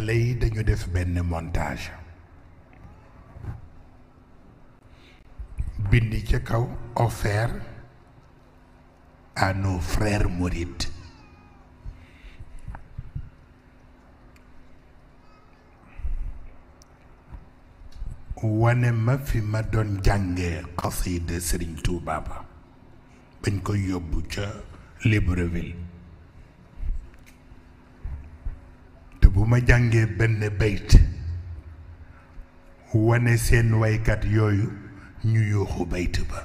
xale yi dañu def benn montage bindi ca kaw offert à nos frères mourides wane ma fi ma doon jànge xasida Sëriñ touba ba bañ ko yóbbu ca Libreville ma jàngee benn bayt wane seen waykat yooyu ñu yuuxu bayt ba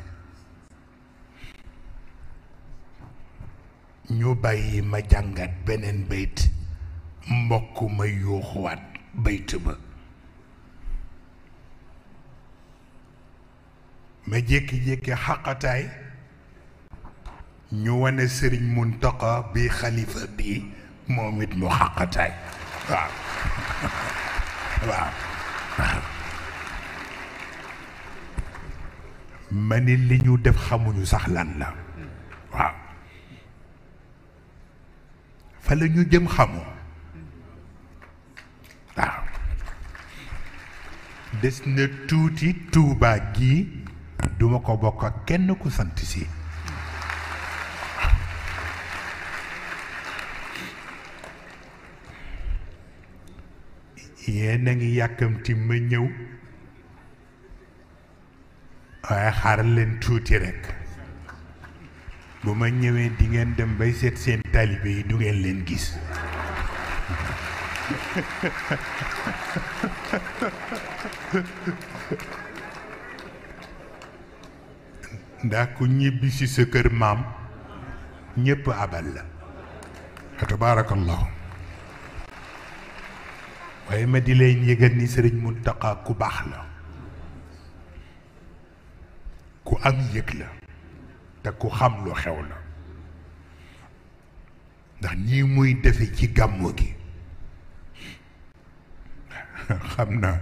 ñu bàyyi ma jàngat beneen bayt mbokk ma yuuxuwaat bayt ba ma jékki-jékki xaqataay ñu wane sëriñ Muntaqa bi xalifa bi moom it mu xaqataay waaw waaw waaw li ñu def xamuñu sax lan la waaw fa la jëm xamu waaw des na tuuti tuubaa gi duma ko bokk ak kenn ku sant si yéen a ngi yàkkamti ma ñëw waaye xaar leen tuuti rekk bu ma ñëwee dingeen dem bay seet seen taalibe yi du ngeen leen gis ndax ku ñibbi ci sa kër maam ñépp abal la tabaarakallahu waaye ma di leen yëgal ni sëriñ mu Muntaqa ku baax la ku am yëg la te ku xam lu xew la ndax ñi muy defe ci gàmmu gi xam naa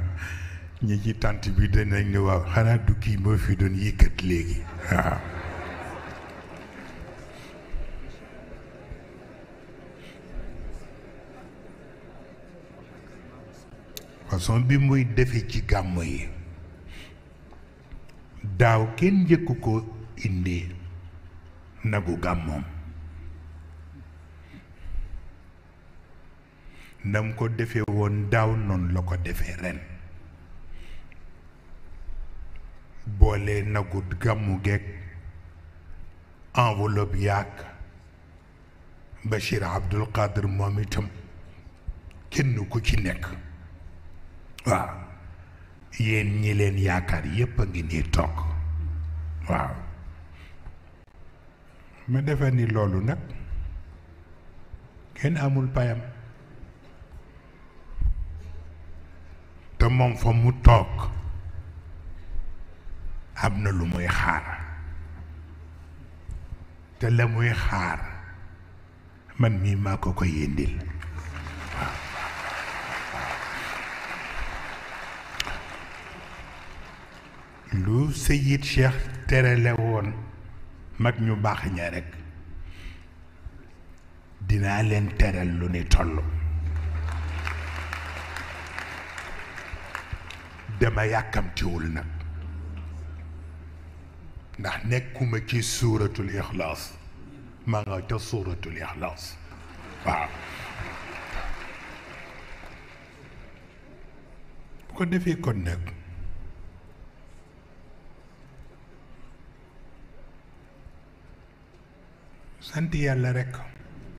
ñi ci tànt bi danañ ne waaw xanaa du moo fi doon yëkkat léegi façon bi muy defe ci gàmm yi daaw kenn jëkk ko indi nagu gàmmoom nam ko defee woon daaw noonu la ko defee ren boole nagu gàmmu geeg enveloppe yaag Bachir Abdul Qadir moom itam kenn ku ci nekk waaw yéen ñi leen yaakaar yépp a ngi nii toog waaw ma defe ni loolu nag kenn amul payam te moom fa mu toog am na lu muy xaar te la muy xaar man mii maa ko ko yéndil lu Seyid Cheikh terale mag ñu baax ña rek dinaa leen teral lu ni toll dama yàkkamtiwul nag ndax nekkuma ci suuratul ixlaas ma nga ca suuratul ixlaas waaw bu ko defee kon nag sant yàlla rekk